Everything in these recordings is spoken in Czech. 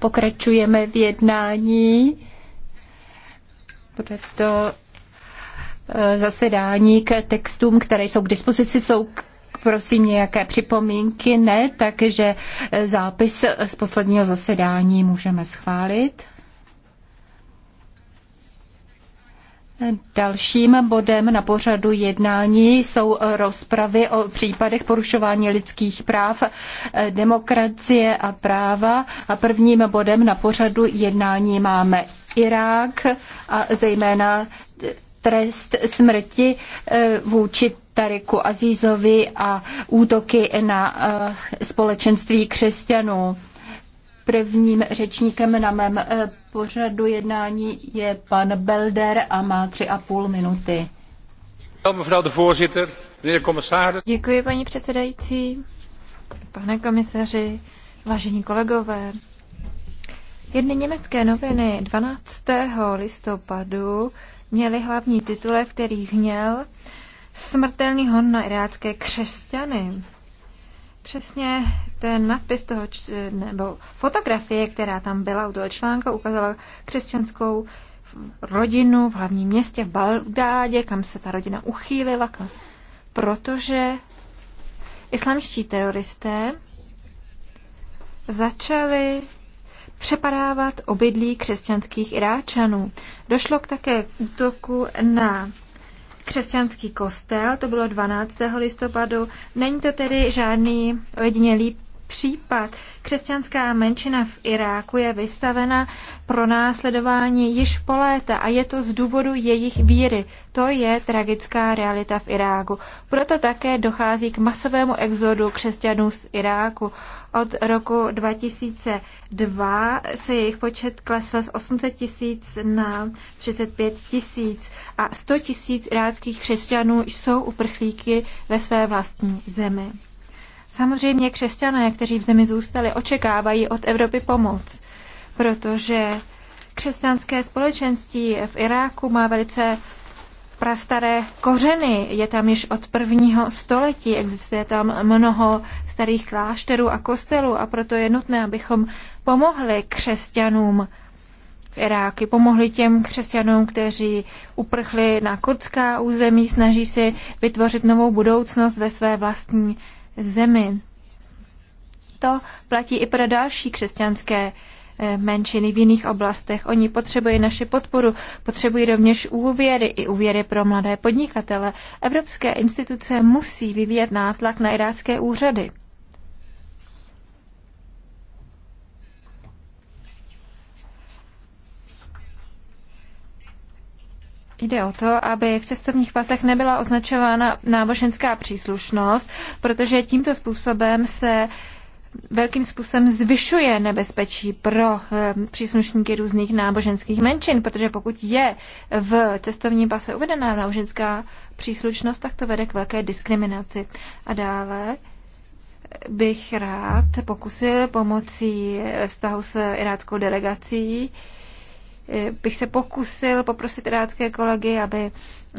Pokračujeme v jednání. Bude to eh, zasedání k textům, které jsou k dispozici, jsou k prosím nějaké připomínky? Ne, takže eh, zápis z posledního zasedání můžeme schválit. Dalším bodem na pořadu jednání jsou rozpravy o případech porušování lidských práv, eh, demokracie a práva. A prvním bodem na pořadu jednání máme Irák a zejména eh, trest smrti vůči Tariku Azízovi a útoky na eh, společenství křesťanů. Prvním řečníkem na mém eh, pořadu jednání je pan Belder a má tři a půl minuty. Děkuji, paní předsedající, pane komisaři, vážení kolegové. Jedny německé noviny 12. listopadu měly hlavní titulek, který zněl smrtelný hon na irácké křesťany. Přesně ten nadpis toho, nebo fotografie, která tam byla u toho článku, ukázala křesťanskou rodinu v hlavním městě v Bagdádě, kam se ta rodina uchýlila, protože islamští teroristé začali přepadávat obydlí křesťanských Iráčanů. Došlo k také útoku na křesťanský kostel, to bylo 12. listopadu. Není to tedy žádný ojedinělý případ. Křesťanská menšina v Iráku je vystavena pro následování již po léta a je to z důvodu jejich víry. To je tragická realita v Iráku. Proto také dochází k masovému exodu křesťanů z Iráku. Od roku 2000 2 se jejich počet klesl z 800 tisíc na 35 tisíc a 100 tisíc iráckých křesťanů jsou uprchlíky ve své vlastní zemi. Samozřejmě křesťané, kteří v zemi zůstali, očekávají od Evropy pomoc, protože křesťanské společenství v Iráku má velice prastaré kořeny. Je tam již od prvního století, existuje tam mnoho starých klášterů a kostelů a proto je nutné, abychom pomohli křesťanům v Iráku, pomohli těm křesťanům, kteří uprchli na kurdská území, snaží si vytvořit novou budoucnost ve své vlastní zemi. To platí i pro další křesťanské Eh, menšiny v jiných oblastech. Oni potřebují naši podporu, potřebují rovněž úvěry i úvěry pro mladé podnikatele. Evropské instituce musí vyvíjet nátlak na irácké úřady. Jde o to, aby v cestovních pasech nebyla označována náboženská příslušnost, protože tímto způsobem se velkým způsobem zvyšuje nebezpečí pro eh, příslušníky různých náboženských menšin, protože pokud je v cestovním pase uvedená náboženská příslušnost, tak to vede k velké diskriminaci. A dále bych rád pokusil pomocí eh, vztahu s iráckou delegací Eh, bych se pokusil poprosit irácké kolegy, aby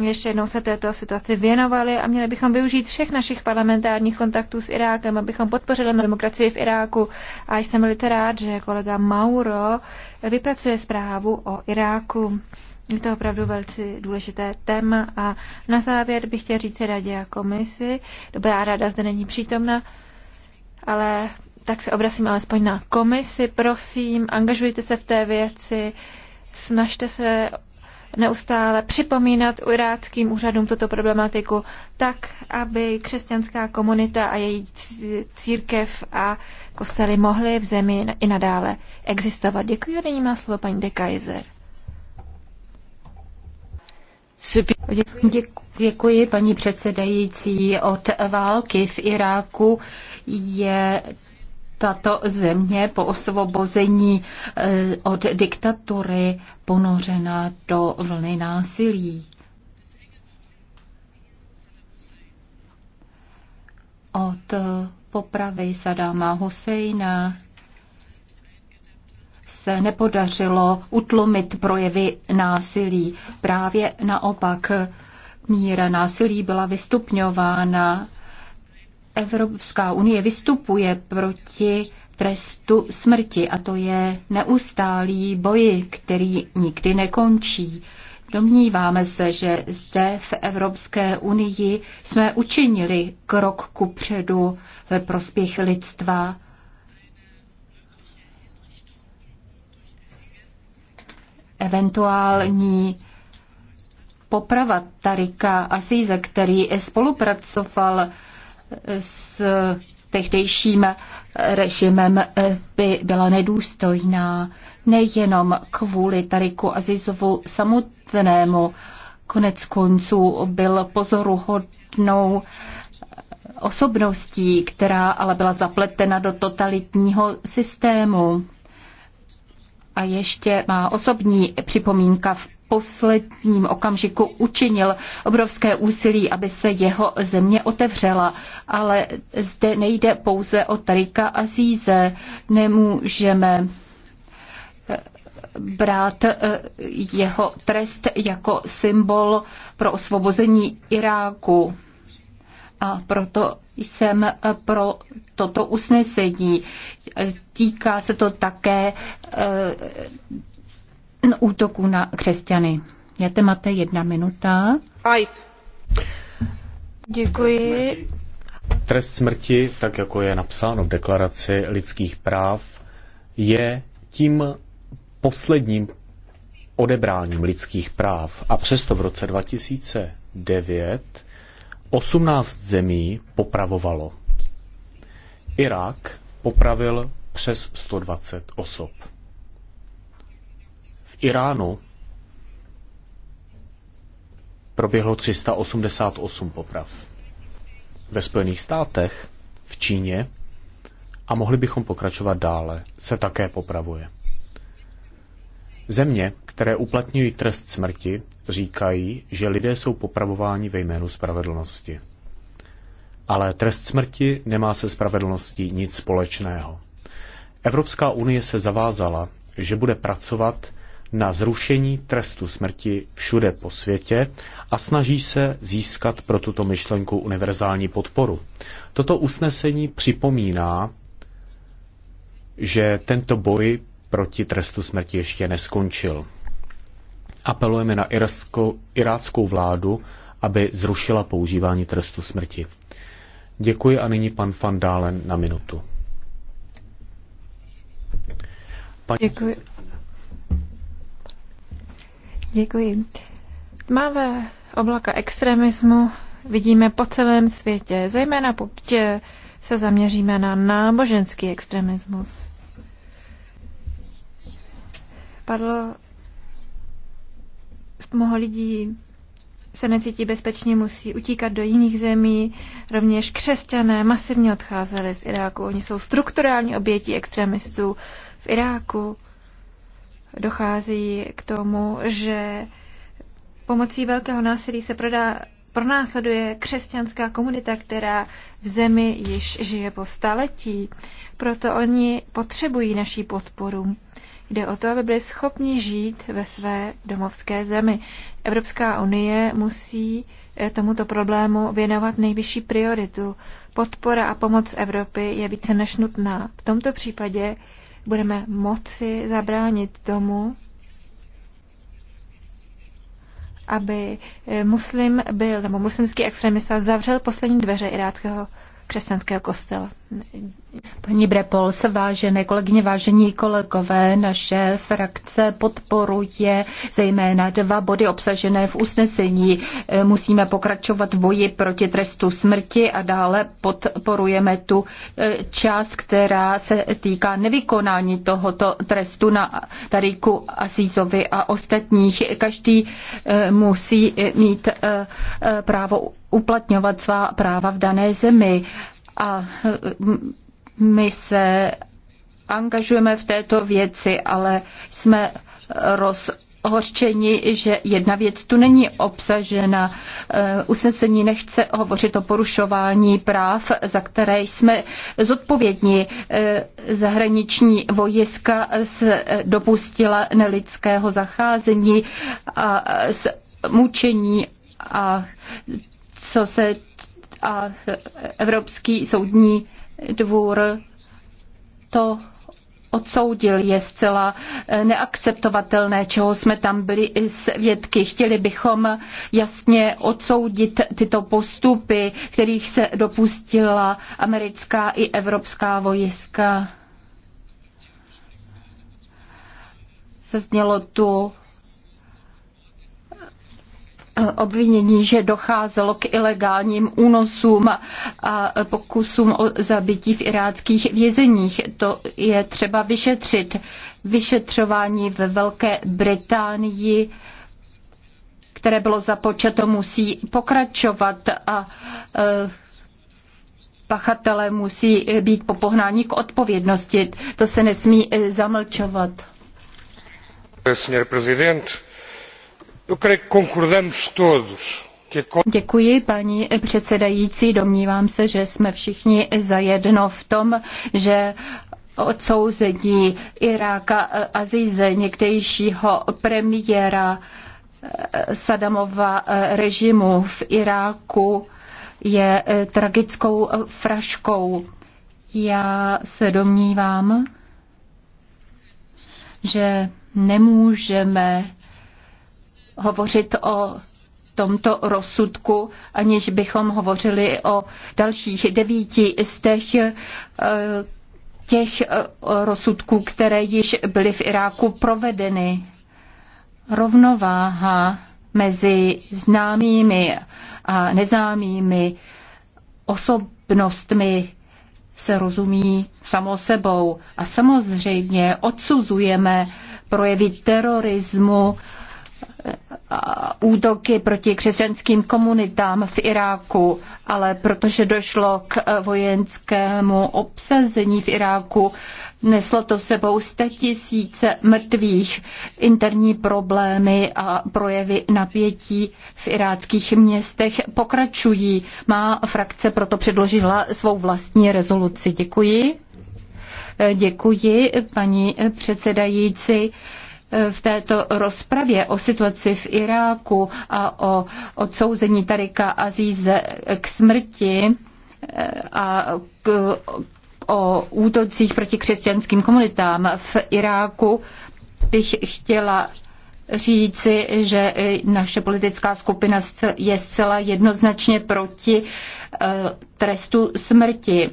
ještě jednou se této situaci věnovali a měli bychom využít všech našich parlamentárních kontaktů s Irákem, abychom podpořili demokracii v Iráku. A jsem velice rád, že kolega Mauro vypracuje zprávu o Iráku. Je to opravdu velice důležité téma a na závěr bych chtěl říct radě a komisi. Dobrá rada zde není přítomna, ale tak se obracím alespoň na komisi, prosím, angažujte se v té věci. Snažte se neustále připomínat iráckým úřadům tuto problematiku tak, aby křesťanská komunita a její církev a kostely mohly v zemi i nadále existovat. Děkuji a nyní má slovo paní de Kaiser. Děkuji. Děkuji, paní předsedající. Od války v Iráku je tato země po osvobození eh, od diktatury ponořena do vlny násilí. Od eh, popravy Sadáma Husejna se nepodařilo utlumit projevy násilí. Právě naopak míra násilí byla vystupňována Evropská unie vystupuje proti trestu smrti a to je neustálý boj, který nikdy nekončí. Domníváme se, že zde v Evropské unii jsme učinili krok ku předu ve prospěch lidstva. Eventuální poprava Tarika Asize, který spolupracoval s tehdejším režimem by byla nedůstojná nejenom kvůli Tariku Azizovu samotnému, konec konců byl pozoruhodnou osobností, která ale byla zapletena do totalitního systému. A ještě má osobní připomínka v posledním okamžiku učinil obrovské úsilí, aby se jeho země otevřela. Ale zde nejde pouze o Tarika Azíze. Nemůžeme eh, brát eh, jeho trest jako symbol pro osvobození Iráku. A proto jsem eh, pro toto usnesení. Týká se to také útoků na křesťany. Jete máte jedna minuta. Five. Děkuji. Trest smrti, tak jako je napsáno v deklaraci lidských práv, je tím posledním odebráním lidských práv. A přesto v roce 2009 18 zemí popravovalo. Irák popravil přes 120 osob. Iránu proběhlo 388 poprav. Ve Spojených státech, v Číně a mohli bychom pokračovat dále, se také popravuje. Země, které uplatňují trest smrti, říkají, že lidé jsou popravováni ve jménu spravedlnosti. Ale trest smrti nemá se spravedlností nic společného. Evropská unie se zavázala, že bude pracovat na zrušení trestu smrti všude po světě a snaží se získat pro tuto myšlenku univerzální podporu. Toto usnesení připomíná, že tento boj proti trestu smrti ještě neskončil. Apelujeme na irsko, iráckou vládu, aby zrušila používání trestu smrti. Děkuji a nyní pan Van na minutu. Děkuji. Děkuji. Tmavé oblaka extremismu vidíme po celém světě, zejména pokud se zaměříme na náboženský extremismus. Padlo mnoho lidí se necítí bezpečně, musí utíkat do jiných zemí. Rovněž křesťané masivně odcházeli z Iráku. Oni jsou strukturální oběti extremistů v Iráku dochází k tomu, že pomocí velkého násilí se prodá, pronásleduje křesťanská komunita, která v zemi již žije po staletí. Proto oni potřebují naší podporu. Jde o to, aby byli schopni žít ve své domovské zemi. Evropská unie musí eh, tomuto problému věnovat nejvyšší prioritu. Podpora a pomoc Evropy je více než nutná. V tomto případě budeme moci zabránit tomu, aby eh, muslim byl, nebo muslimský extremista zavřel poslední dveře iráckého křesťanského kostela. Paní se vážené kolegyně, vážení kolegové, naše frakce podporuje zejména dva body obsažené v usnesení. Musíme pokračovat v boji proti trestu smrti a dále podporujeme tu eh, část, která se týká nevykonání tohoto trestu na Tariku Azízovi a ostatních. Každý eh, musí mít eh, právo uplatňovat svá práva v dané zemi. A my se angažujeme v této věci, ale jsme rozhorčeni, že jedna věc tu není obsažena. E, usnesení nechce hovořit o porušování práv, za které jsme zodpovědní. E, zahraniční vojska se dopustila nelidského zacházení a mučení a co se a Evropský soudní dvůr to odsoudil, je zcela neakceptovatelné, čeho jsme tam byli svědky. Chtěli bychom jasně odsoudit tyto postupy, kterých se dopustila americká i evropská vojska. Zaznělo tu obvinění, že docházelo k ilegálním únosům a pokusům o zabití v iráckých vězeních. To je třeba vyšetřit. Vyšetřování ve Velké Británii které bylo započato, musí pokračovat a e, pachatele musí být popohnáni k odpovědnosti. To se nesmí e, zamlčovat. Pane prezident, Děkuji, paní předsedající. Domnívám se, že jsme všichni zajedno v tom, že odsouzení Iráka eh, Azize, někdejšího premiéra eh, Sadamova eh, režimu v Iráku, je tragickou fraškou. Já se domnívám, že nemůžeme hovořit o tomto rozsudku, aniž bychom hovořili o dalších devíti z těch, eh, těch eh, rozsudků, které již byly v Iráku provedeny. Rovnováha mezi známými a neznámými osobnostmi se rozumí samo sebou. A samozřejmě odsuzujeme projevy terorismu, útoky proti křesťanským komunitám v Iráku, ale protože došlo k e, vojenskému obsazení v Iráku, neslo to sebou tisíce mrtvých, interní problémy a projevy napětí v iráckých městech pokračují. Má frakce proto předložila svou vlastní rezoluci. Děkuji. E, děkuji, paní předsedající v této rozpravě o situaci v Iráku a o odsouzení Tarika Azíze k smrti eh, a k, o útocích proti křesťanským komunitám v Iráku bych chtěla říci, že naše politická skupina je zcela jednoznačně proti eh, trestu smrti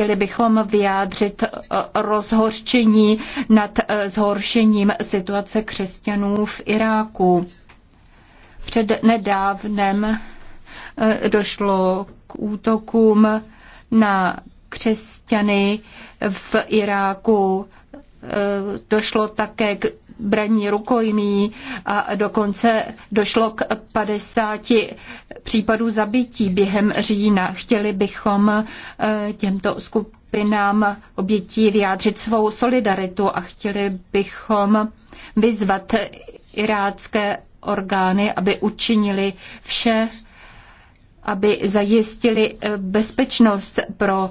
Chtěli bychom vyjádřit eh, rozhorčení nad eh, zhoršením situace křesťanů v Iráku. Před nedávnem eh, došlo k útokům na křesťany v Iráku. Došlo také k braní rukojmí a dokonce došlo k 50 případů zabití během října. Chtěli bychom eh, těmto skupinám obětí vyjádřit svou solidaritu a chtěli bychom vyzvat irácké orgány, aby učinili vše, aby zajistili eh, bezpečnost pro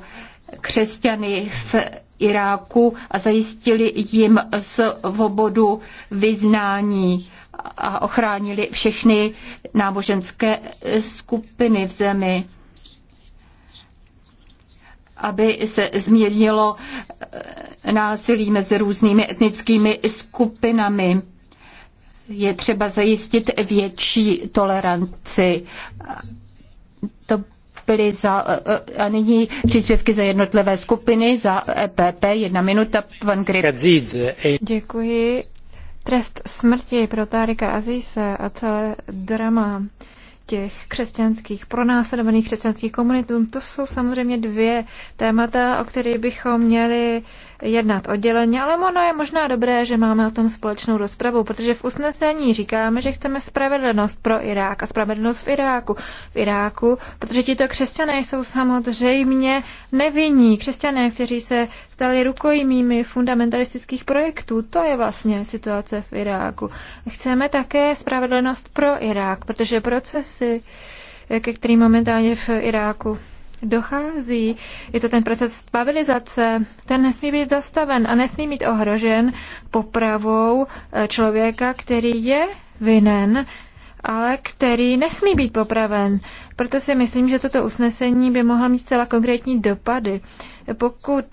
křesťany v Iráku a zajistili jim svobodu vyznání a ochránili všechny náboženské skupiny v zemi, aby se zmírnilo eh, násilí mezi různými etnickými skupinami. Je třeba zajistit větší toleranci. To byly za, eh, a nyní příspěvky za jednotlivé skupiny, za EPP, jedna minuta, pan Grip. Děkuji. Trest smrti pro Tárika Azise a celé drama těch křesťanských, pronásledovaných křesťanských komunitů, To jsou samozřejmě dvě témata, o kterých bychom měli jednat odděleně, ale ono je možná dobré, že máme o tom společnou rozpravu, protože v usnesení říkáme, že chceme spravedlnost pro Irák a spravedlnost v Iráku. V Iráku, protože tito křesťané jsou samozřejmě nevinní. Křesťané, kteří se stali rukojmími fundamentalistických projektů. To je vlastně situace v Iráku. Chceme také spravedlnost pro Irák, protože procesy, ke kterým momentálně v Iráku dochází, je to ten proces stabilizace, ten nesmí být zastaven a nesmí být ohrožen popravou eh, člověka, který je vinen, ale který nesmí být popraven. Proto si myslím, že toto usnesení by mohlo mít zcela konkrétní dopady. Pokud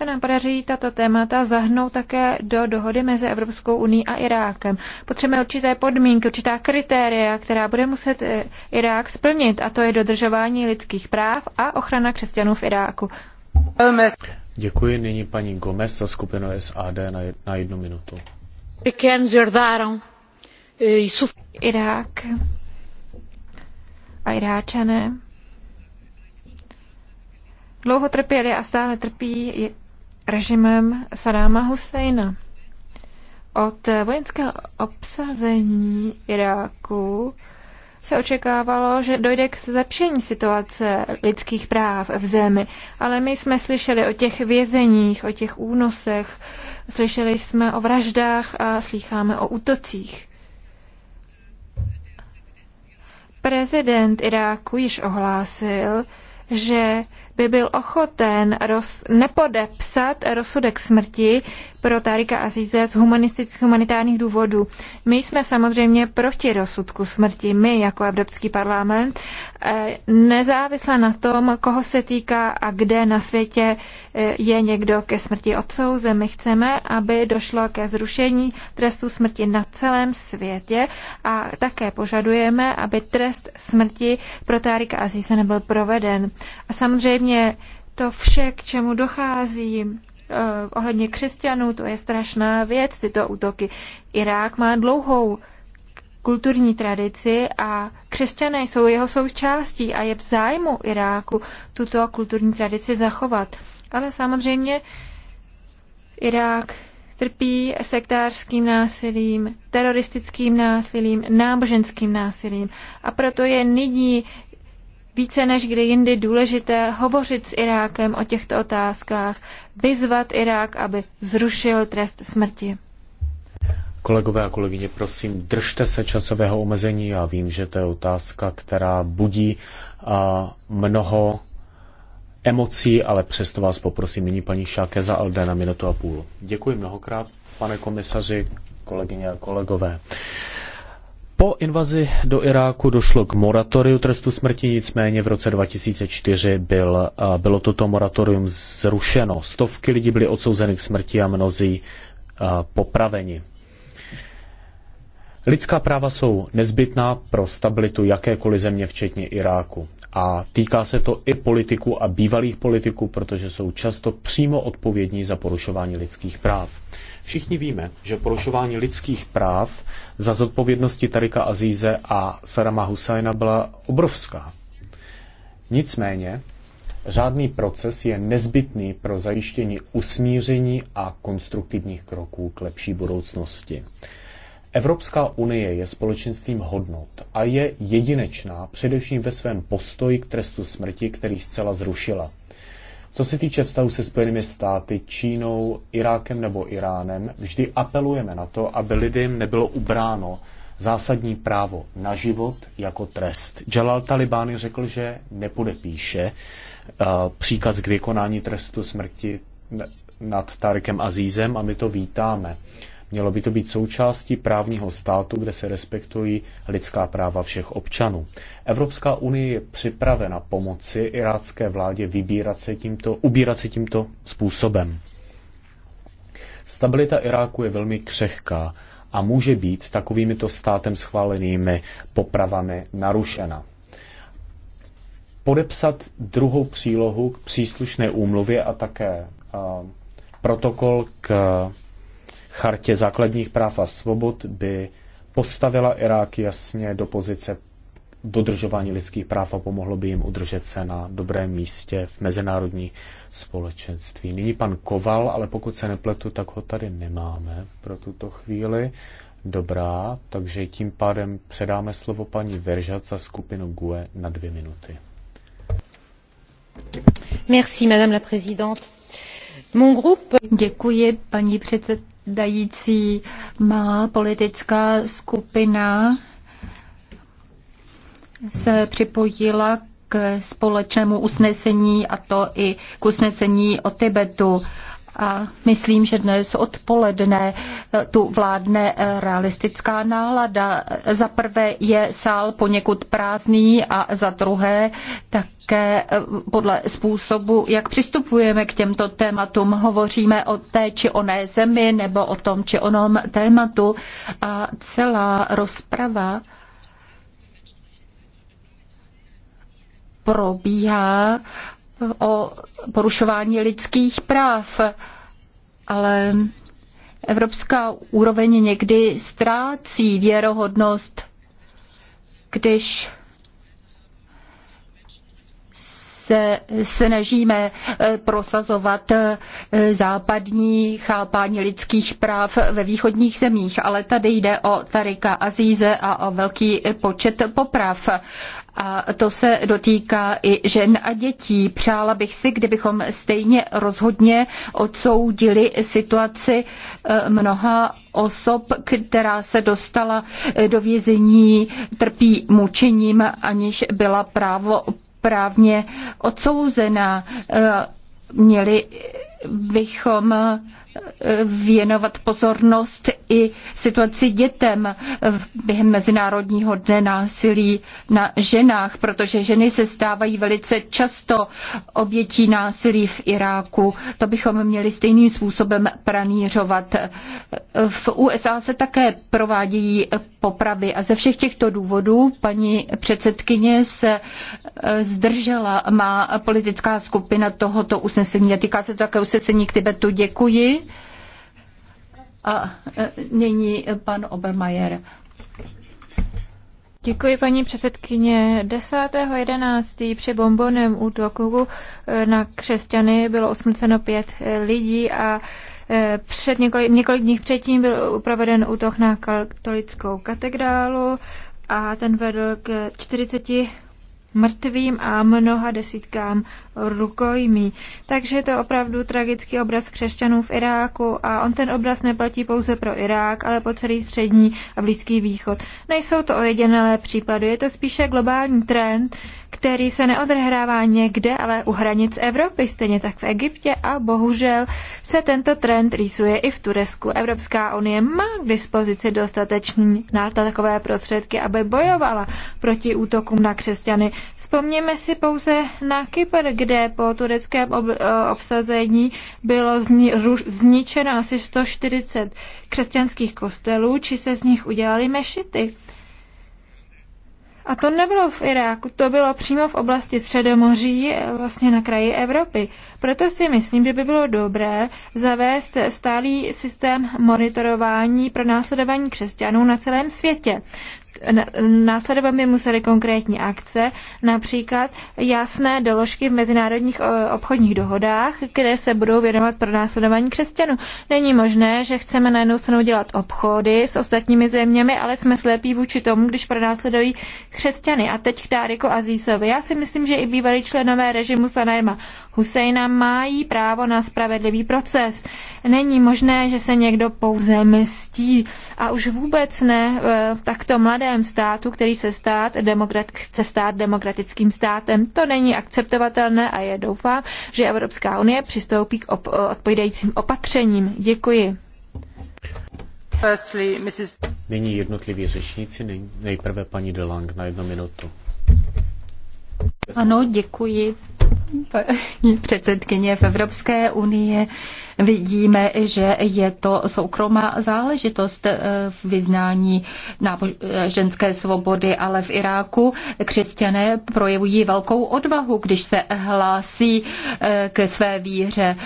se nám podaří tato témata zahnout také do dohody mezi Evropskou uní a Irákem. Potřebujeme určité podmínky, určitá kritéria, která bude muset eh, Irák splnit, a to je dodržování lidských práv a ochrana křesťanů v Iráku. Děkuji nyní paní Gomez za skupinu SAD na jednu minutu. Irák a Iráčané dlouho trpěli a stále trpí režimem Sadáma Husseina. Od vojenského obsazení Iráku se očekávalo, že dojde k zlepšení situace lidských práv v zemi, ale my jsme slyšeli o těch vězeních, o těch únosech, slyšeli jsme o vraždách a slycháme o útocích. Prezident Iráku již ohlásil, že by byl ochoten roz, nepodepsat rozsudek smrti pro Tarika Azize z humanistických humanitárních důvodů. My jsme samozřejmě proti rozsudku smrti, my jako Evropský parlament, eh, nezávisle na tom, koho se týká a kde na světě eh, je někdo ke smrti odsouzen. My chceme, aby došlo ke zrušení trestu smrti na celém světě a také požadujeme, aby trest smrti pro Tarika Azize nebyl proveden. A samozřejmě Samozřejmě to vše, k čemu dochází eh, ohledně křesťanů, to je strašná věc, tyto útoky. Irák má dlouhou kulturní tradici a křesťané jsou jeho součástí a je v zájmu Iráku tuto kulturní tradici zachovat. Ale samozřejmě Irák trpí sektářským násilím, teroristickým násilím, náboženským násilím. A proto je nyní více než kdy jindy důležité hovořit s Irákem o těchto otázkách, vyzvat Irák, aby zrušil trest smrti. Kolegové a kolegyně, prosím, držte se časového omezení. Já vím, že to je otázka, která budí a, mnoho emocí, ale přesto vás poprosím nyní paní Šáke za Alde na minutu a půl. Děkuji mnohokrát, pane komisaři, kolegyně a kolegové. Po invazi do Iráku došlo k moratoriu trestu smrti, nicméně v roce 2004 byl, bylo toto moratorium zrušeno. Stovky lidí byly odsouzeny k smrti a mnozí popraveni. Lidská práva jsou nezbytná pro stabilitu jakékoliv země, včetně Iráku. A týká se to i politiků a bývalých politiků, protože jsou často přímo odpovědní za porušování lidských práv. Všichni víme, že porušování lidských práv za zodpovědnosti Tarika Azíze a Sarama Husajna byla obrovská. Nicméně, řádný proces je nezbytný pro zajištění usmíření a konstruktivních kroků k lepší budoucnosti. Evropská unie je společenstvím hodnot a je jedinečná především ve svém postoji k trestu smrti, který zcela zrušila. Co se týče vztahu se Spojenými státy, Čínou, Irákem nebo Iránem, vždy apelujeme na to, aby lidem nebylo ubráno zásadní právo na život jako trest. Jalal Talibány řekl, že nepodepíše eh, příkaz k vykonání trestu smrti nad tarkem Azízem a my to vítáme. Mělo by to být součástí právního státu, kde se respektují lidská práva všech občanů. Evropská unie je připravena pomoci irácké vládě vybírat se tímto, ubírat se tímto způsobem. Stabilita Iráku je velmi křehká a může být takovýmito státem schválenými popravami narušena. Podepsat druhou přílohu k příslušné úmluvě a také eh, protokol k chartě základních práv a svobod by postavila Irák jasně do pozice dodržování lidských práv a pomohlo by jim udržet se na dobrém místě v mezinárodní společenství. Nyní pan Koval, ale pokud se nepletu, tak ho tady nemáme pro tuto chvíli. Dobrá, takže tím pádem předáme slovo paní Veržat za skupinu GUE na dvě minuty. Merci, madame la présidente. Mon groupe... Děkuji, paní předsedkyně dající má politická skupina se připojila k společnému usnesení a to i k usnesení o Tibetu a myslím, že dnes odpoledne eh, tu vládne eh, realistická nálada. Za prvé je sál poněkud prázdný a za druhé také eh, podle způsobu, jak přistupujeme k těmto tématům, hovoříme o té či oné zemi nebo o tom či onom tématu a celá rozprava probíhá o porušování lidských práv, ale evropská úroveň někdy ztrácí věrohodnost, když se snažíme eh, prosazovat eh, západní chápání lidských práv ve východních zemích, ale tady jde o Tarika Azíze a o velký počet poprav. A to se dotýká i žen a dětí. Přála bych si, kdybychom stejně rozhodně odsoudili situaci eh, mnoha osob, která se dostala eh, do vězení, trpí mučením, aniž byla právo právně eh, Měli bychom věnovat pozornost i situaci dětem během Mezinárodního dne násilí na ženách, protože ženy se stávají velice často obětí násilí v Iráku. To bychom měli stejným způsobem pranířovat. V USA se také provádějí popravy a ze všech těchto důvodů paní předsedkyně se eh, zdržela má politická skupina tohoto usnesení a týká se to také usnesení k Tibetu. Děkuji. A e, nyní pan Obermajer. Děkuji, paní předsedkyně. 10.11. při bomboném útoku e, na křesťany bylo usmrceno pět e, lidí a před několik, několik dní předtím byl proveden útok na katolickou katedrálu a ten vedl k 40 mrtvým a mnoha desítkám rukojmí. Takže je to opravdu tragický obraz křesťanů v Iráku a on ten obraz neplatí pouze pro Irák, ale po celý střední a blízký východ. Nejsou to ojedinelé případy, je to spíše globální trend, který se neodehrává někde, ale u hranic Evropy, stejně tak v Egyptě a bohužel se tento trend rýsuje i v Turecku. Evropská unie má k dispozici dostatečný na takové prostředky, aby bojovala proti útokům na křesťany. Vzpomněme si pouze na Kypr, kde po tureckém ob- eh, obsazení bylo zni- zničeno asi 140 křesťanských kostelů, či se z nich udělali mešity. A to nebylo v Iráku, to bylo přímo v oblasti Středomoří, eh, vlastně na kraji Evropy. Proto si myslím, že by bylo dobré zavést stálý systém monitorování pro následování křesťanů na celém světě. Následovat by museli konkrétní akce, například jasné doložky v mezinárodních obchodních dohodách, které se budou věnovat pro následování křesťanů. Není možné, že chceme na jednu stranu dělat obchody s ostatními zeměmi, ale jsme slepí vůči tomu, když pro následují křesťany. A teď k Dáriku Azísovi. Já si myslím, že i bývalí členové režimu Sanajma Husejna mají právo na spravedlivý proces. Není možné, že se někdo pouze mstí a už vůbec ne v e, takto mladém státu, který se stát demokrat, chce stát demokratickým státem. To není akceptovatelné a je doufám, že Evropská unie přistoupí k op- odpovídajícím opatřením. Děkuji. Nyní jednotliví řečníci, nejprve paní Delang na jednu minutu. Ano, děkuji, paní předsedkyně v Evropské unii vidíme, že je to soukromá záležitost eh, vyznání ženské svobody, ale v Iráku křesťané projevují velkou odvahu, když se hlásí eh, ke své víře.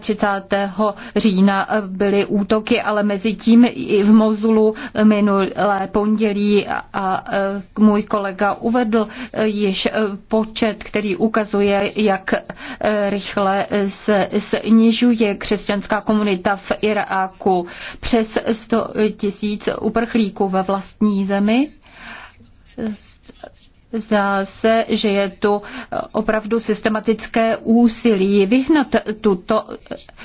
31. října byly útoky, ale mezi tím i v Mozulu minulé pondělí a eh, můj kolega uvedl již počet, který ukazuje, jak eh, rychle se snižuje křesťanská komunita v Iráku. Přes 100 tisíc uprchlíků ve vlastní zemi. Zdá se, že je tu opravdu systematické úsilí vyhnat tuto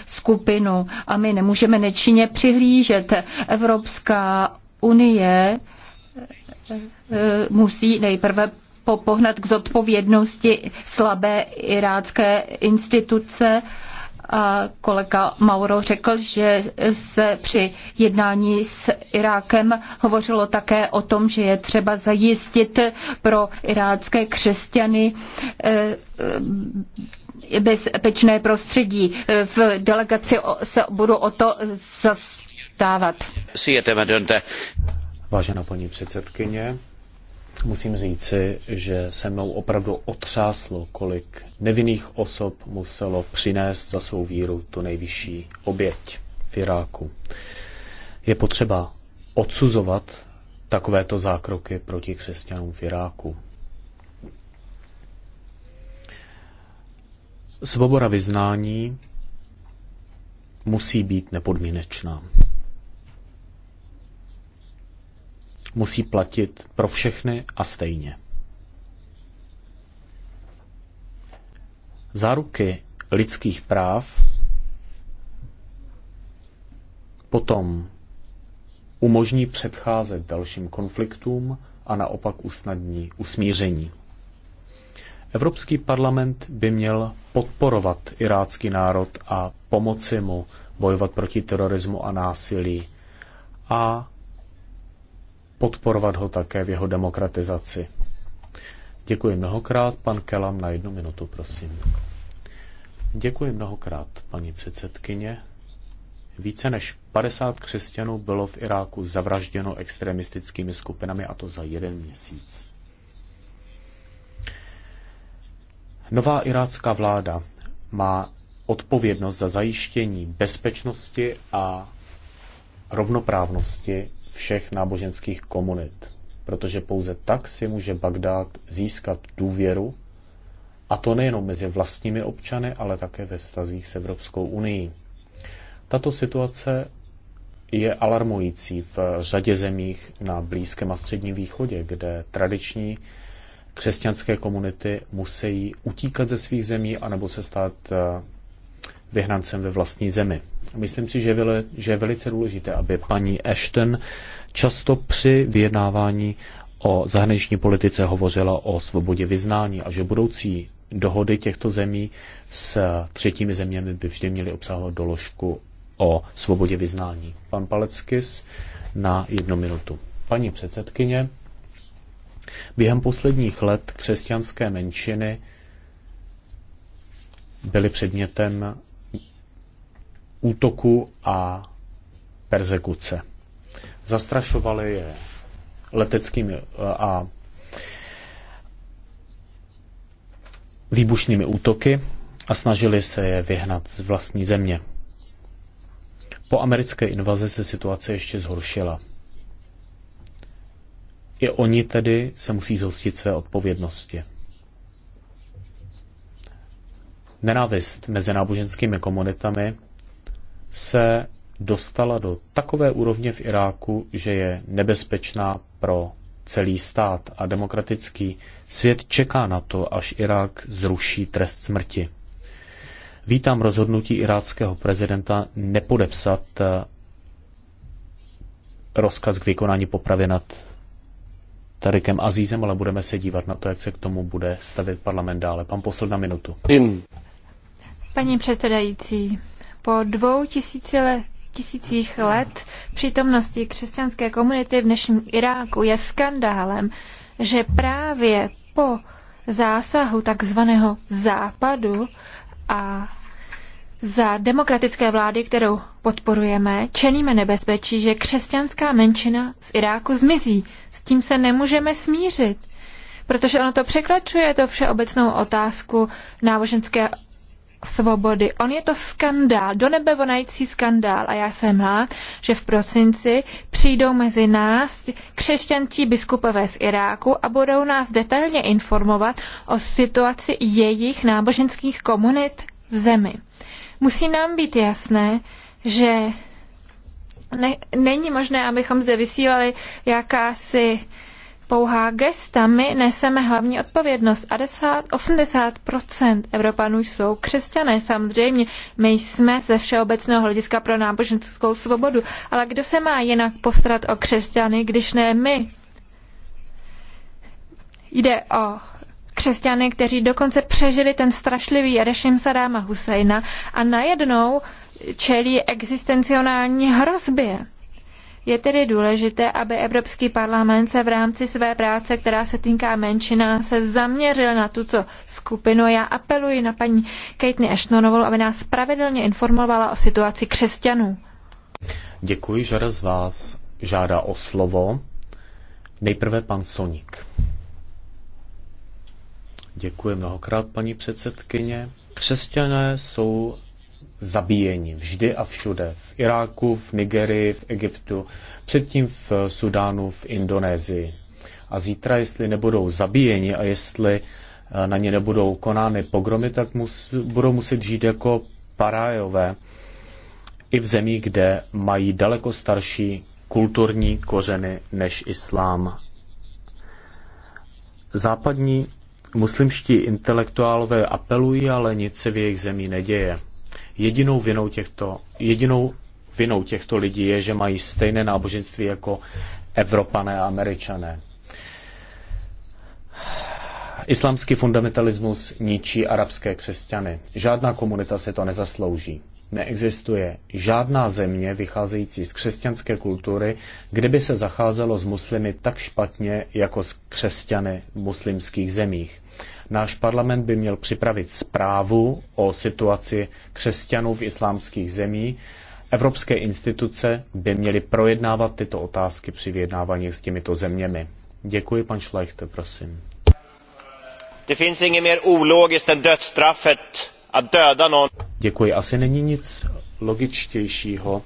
skupinu a my nemůžeme nečinně přihlížet. Evropská unie eh, musí nejprve popohnat k zodpovědnosti slabé irácké instituce. A kolega Mauro řekl, že se při jednání s Irákem hovořilo také o tom, že je třeba zajistit pro irácké křesťany eh, bezpečné prostředí. V delegaci se budu o to zastávat. Vážená paní předsedkyně, musím říci, že se mnou opravdu otřáslo, kolik nevinných osob muselo přinést za svou víru tu nejvyšší oběť v Iráku. Je potřeba odsuzovat takovéto zákroky proti křesťanům v Iráku. Svoboda vyznání musí být nepodmínečná. musí platit pro všechny a stejně. Záruky lidských práv potom umožní předcházet dalším konfliktům a naopak usnadní usmíření. Evropský parlament by měl podporovat irácký národ a pomoci mu bojovat proti terorismu a násilí a podporovat ho také v jeho demokratizaci. Děkuji mnohokrát, pan Kelam na jednu minutu, prosím. Děkuji mnohokrát, paní předsedkyně. Více než 50 křesťanů bylo v Iráku zavražděno extremistickými skupinami a to za jeden měsíc. Nová irácká vláda má odpovědnost za zajištění bezpečnosti a rovnoprávnosti všech náboženských komunit, protože pouze tak si může Bagdád získat důvěru, a to nejenom mezi vlastními občany, ale také ve vztazích s Evropskou unii. Tato situace je alarmující v řadě zemích na Blízkém a Středním východě, kde tradiční křesťanské komunity musí utíkat ze svých zemí anebo se stát eh, vyhnancem ve vlastní zemi. Myslím si, že, vyle, že je velice důležité, aby paní Ashton často při vyjednávání o zahraniční politice hovořila o svobodě vyznání a že budoucí dohody těchto zemí s třetími zeměmi by vždy měly obsahovat doložku o svobodě vyznání. Pan Paleckis na jednu minutu. Paní předsedkyně, během posledních let křesťanské menšiny byly předmětem útoku a persekuce. Zastrašovali je leteckými eh, a výbušnými útoky a snažili se je vyhnat z vlastní země. Po americké invazi se situace ještě zhoršila. I oni tedy se musí zhostit své odpovědnosti. Nenávist mezi náboženskými komunitami se dostala do takové úrovně v Iráku, že je nebezpečná pro celý stát a demokratický svět čeká na to, až Irák zruší trest smrti. Vítám rozhodnutí iráckého prezidenta nepodepsat eh, rozkaz k vykonání popravy nad Tarikem Azízem, ale budeme se dívat na to, jak se k tomu bude stavit parlament dále. Pan posled na minutu. Paní předsedající, po dvou tisícile, tisících let přítomnosti křesťanské komunity v dnešním Iráku je skandálem, že právě po zásahu takzvaného západu a za demokratické vlády, kterou podporujeme, čelíme nebezpečí, že křesťanská menšina z Iráku zmizí. S tím se nemůžeme smířit, protože ono to překračuje to všeobecnou otázku náboženské svobody. On je to skandál, do nebe vonající skandál a já jsem rád, že v prosinci přijdou mezi nás křesťančí biskupové z Iráku a budou nás detailně informovat o situaci jejich náboženských komunit v zemi. Musí nám být jasné, že ne, není možné, abychom zde vysílali jakási pouhá gesta. My neseme hlavní odpovědnost. 80, 80% Evropanů jsou křesťané, samozřejmě. My jsme ze všeobecného hlediska pro náboženskou svobodu. Ale kdo se má jinak postarat o křesťany, když ne my? Jde o křesťany, kteří dokonce přežili ten strašlivý režim Sadáma Husejna a najednou čelí existenciální hrozbě. Je tedy důležité, aby Evropský parlament se v rámci své práce, která se týká menšina, se zaměřil na tuto skupinu. Já apeluji na paní Kate Ashtonovou, aby nás pravidelně informovala o situaci křesťanů. Děkuji, že z vás žádá o slovo. Nejprve pan Sonik. Děkuji mnohokrát, paní předsedkyně. Křesťané jsou zabíjeni vždy a všude. V Iráku, v Nigerii, v Egyptu, předtím v Sudánu, v Indonésii. A zítra, jestli nebudou zabíjeni a jestli eh, na ně nebudou konány pogromy, tak mus, budou muset žít jako parájové i v zemích, kde mají daleko starší kulturní kořeny než islám. Západní muslimští intelektuálové apelují, ale nic se v jejich zemí neděje. Jedinou vinou těchto, jedinou vinou těchto lidí je, že mají stejné náboženství jako Evropané a Američané. Islámský fundamentalismus ničí arabské křesťany. Žádná komunita se to nezaslouží. Neexistuje žádná země vycházející z křesťanské kultury, kde by se zacházelo s muslimy tak špatně jako s křesťany v muslimských zemích. Náš parlament by měl připravit zprávu o situaci křesťanů v islámských zemích. Evropské instituce by měly projednávat tyto otázky při vyjednávání s těmito zeměmi. Děkuji, pan Schleicht, prosím. Det finns inget mer ologiskt än dödsstraffet No. Děkuji. Asi není nic logičtějšího,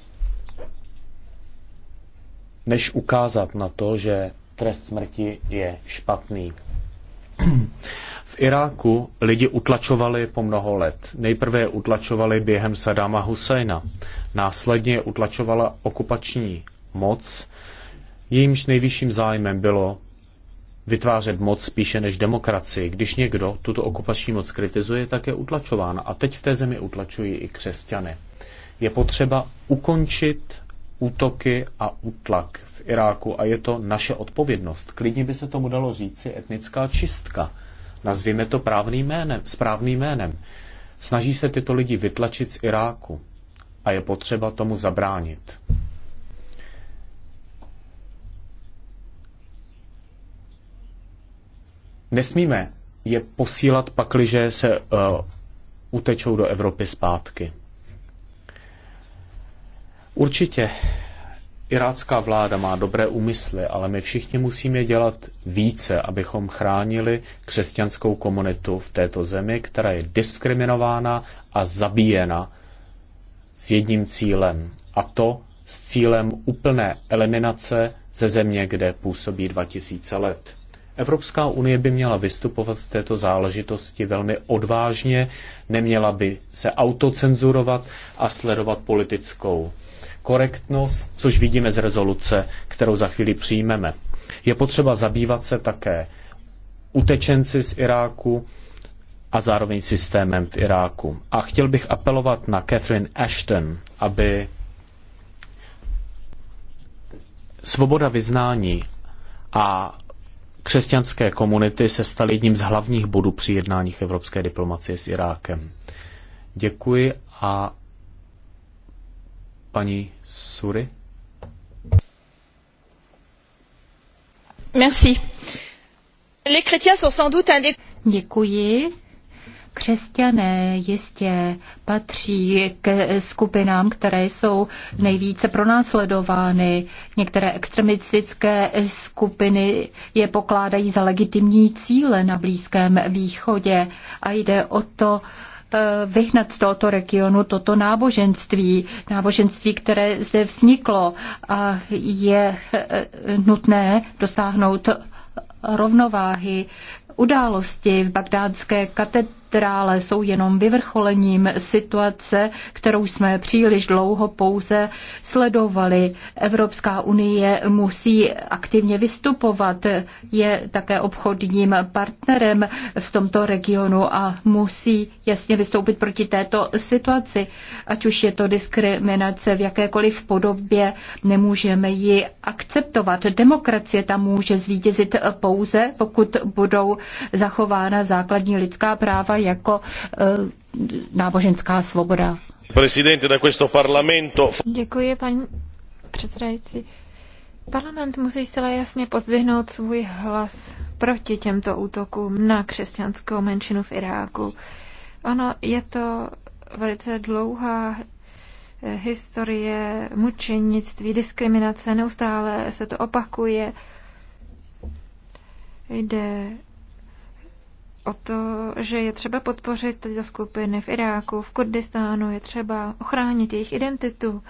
než ukázat na to, že trest smrti je špatný. V Iráku lidi utlačovali po mnoho let. Nejprve je utlačovali během Sadama Husajna. Následně je utlačovala okupační moc, jejímž nejvyšším zájmem bylo vytvářet moc spíše než demokracii. Když někdo tuto okupační moc kritizuje, tak je utlačován. A teď v té zemi utlačují i křesťany. Je potřeba ukončit útoky a útlak v Iráku a je to naše odpovědnost. Klidně by se tomu dalo říci etnická čistka. Nazvíme to právným jménem, správným jménem. Snaží se tyto lidi vytlačit z Iráku a je potřeba tomu zabránit. Nesmíme je posílat pakliže se uh, utečou do Evropy zpátky. Určitě irácká vláda má dobré úmysly, ale my všichni musíme dělat více, abychom chránili křesťanskou komunitu v této zemi, která je diskriminována a zabíjena s jedním cílem, a to s cílem úplné eliminace ze země, kde působí 2000 let. Evropská unie by měla vystupovat v této záležitosti velmi odvážně, neměla by se autocenzurovat a sledovat politickou korektnost, což vidíme z rezoluce, kterou za chvíli přijmeme. Je potřeba zabývat se také utečenci z Iráku a zároveň systémem v Iráku. A chtěl bych apelovat na Catherine Ashton, aby svoboda vyznání a křesťanské komunity se staly jedním z hlavních bodů při jednáních evropské diplomacie s Irákem. Děkuji a paní Sury. Merci. Les chrétiens sont sans doute un des... Děkuji. Křesťané jistě patří k skupinám, které jsou nejvíce pronásledovány. Některé extremistické skupiny je pokládají za legitimní cíle na Blízkém východě a jde o to, eh, vyhnat z tohoto regionu toto náboženství, náboženství, které zde vzniklo a je eh, nutné dosáhnout rovnováhy události v bagdánské katedře ale jsou jenom vyvrcholením situace, kterou jsme příliš dlouho pouze sledovali. Evropská unie musí aktivně vystupovat, je také obchodním partnerem v tomto regionu a musí jasně vystoupit proti této situaci. Ať už je to diskriminace v jakékoliv podobě, nemůžeme ji akceptovat. Demokracie tam může zvítězit pouze, pokud budou zachována základní lidská práva jako jako náboženská svoboda. Presidente, da questo parlamento... Děkuji, paní předsedající. Parlament musí zcela jasně pozdvihnout svůj hlas proti těmto útokům na křesťanskou menšinu v Iráku. Ono je to velice dlouhá eh, historie mučenictví, diskriminace, neustále se to opakuje. Jde o to, že je třeba podpořit tyto skupiny v Iráku, v Kurdistánu, je třeba ochránit jejich identitu.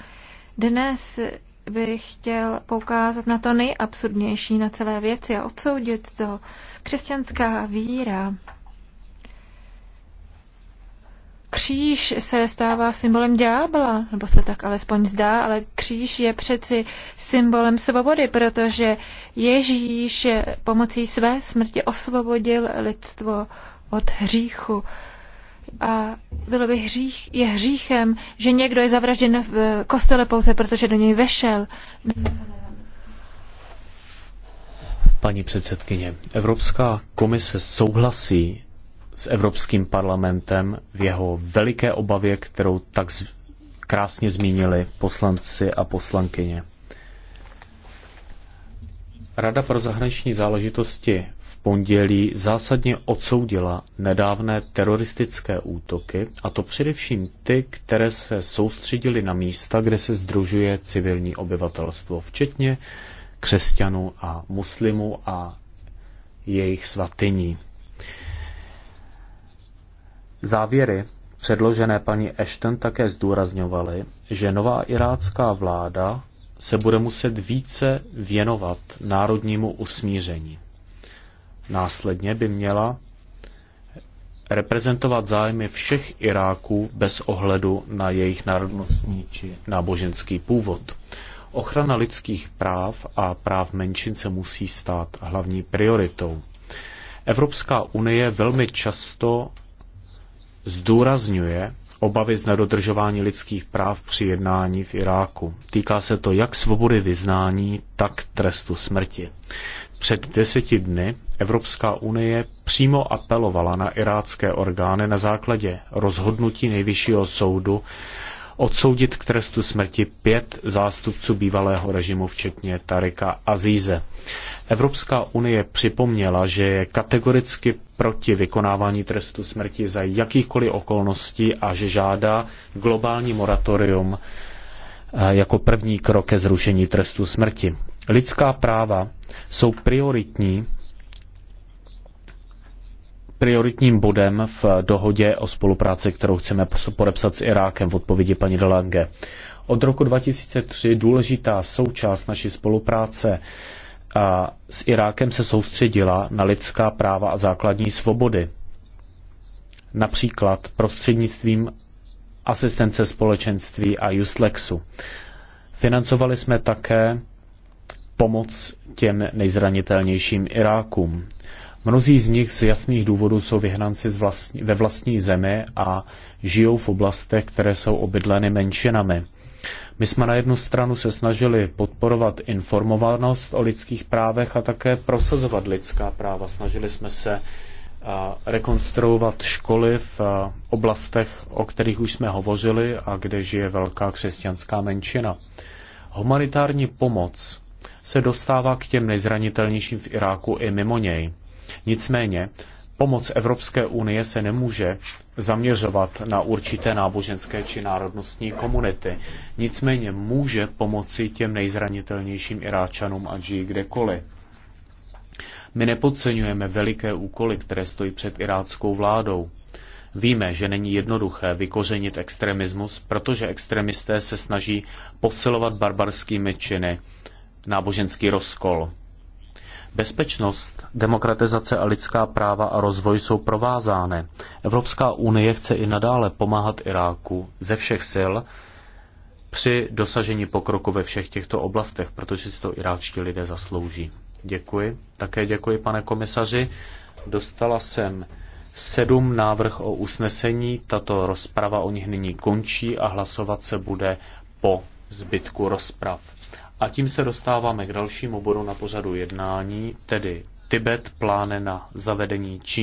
Dnes bych chtěl poukázat na to nejabsurdnější na celé věci a odsoudit to. Křesťanská víra kříž se stává symbolem ďábla, nebo se tak alespoň zdá, ale kříž je přeci symbolem svobody, protože Ježíš pomocí své smrti osvobodil lidstvo od hříchu. A bylo by hřích, je hříchem, že někdo je zavražděn v kostele pouze, protože do něj vešel. Paní předsedkyně, Evropská komise souhlasí s Evropským parlamentem v jeho veliké obavě, kterou tak z... krásně zmínili poslanci a poslankyně. Rada pro zahraniční záležitosti v pondělí zásadně odsoudila nedávné teroristické útoky, a to především ty, které se soustředily na místa, kde se združuje civilní obyvatelstvo, včetně křesťanů a muslimů a jejich svatyní. Závěry předložené paní Ashton také zdůrazňovaly, že nová irácká vláda se bude muset více věnovat národnímu usmíření. Následně by měla reprezentovat zájmy všech Iráků bez ohledu na jejich národnostní či náboženský původ. Ochrana lidských práv a práv menšin se musí stát hlavní prioritou. Evropská unie velmi často zdůrazňuje obavy z nedodržování lidských práv při jednání v Iráku. Týká se to jak svobody vyznání, tak trestu smrti. Před deseti dny Evropská unie přímo apelovala na irácké orgány na základě rozhodnutí nejvyššího soudu odsoudit k trestu smrti pět zástupců bývalého režimu, včetně Tarika Azíze. Evropská unie připomněla, že je kategoricky proti vykonávání trestu smrti za jakýchkoliv okolností a že žádá globální moratorium eh, jako první krok ke zrušení trestu smrti. Lidská práva jsou prioritní prioritním bodem v dohodě o spolupráci, kterou chceme podepsat s Irákem v odpovědi paní Delange. Od roku 2003 důležitá součást naší spolupráce a s Irákem se soustředila na lidská práva a základní svobody. Například prostřednictvím asistence společenství a Justlexu. Financovali jsme také pomoc těm nejzranitelnějším Irákům. Mnozí z nich z jasných důvodů jsou vyhnanci z vlastní, ve vlastní zemi a žijou v oblastech, které jsou obydleny menšinami. My jsme na jednu stranu se snažili podporovat informovanost o lidských právech a také prosazovat lidská práva. Snažili jsme se rekonstruovat školy v oblastech, o kterých už jsme hovořili a kde žije velká křesťanská menšina. Humanitární pomoc se dostává k těm nejzranitelnějším v Iráku i mimo něj. Nicméně pomoc Evropské unie se nemůže zaměřovat na určité náboženské či národnostní komunity. Nicméně může pomoci těm nejzranitelnějším Iráčanům, a žijí kdekoliv. My nepodceňujeme veliké úkoly, které stojí před iráckou vládou. Víme, že není jednoduché vykořenit extremismus, protože extremisté se snaží posilovat barbarskými činy náboženský rozkol. Bezpečnost, demokratizace a lidská práva a rozvoj jsou provázány. Evropská unie chce i nadále pomáhat Iráku ze všech sil při dosažení pokroku ve všech těchto oblastech, protože si to iráčtí lidé zaslouží. Děkuji. Také děkuji, pane komisaři. Dostala jsem sedm návrh o usnesení. Tato rozprava o nich nyní končí a hlasovat se bude po zbytku rozprav. A tím se dostáváme k dalšímu bodu na pořadu jednání, tedy Tibet pláne na zavedení Číny.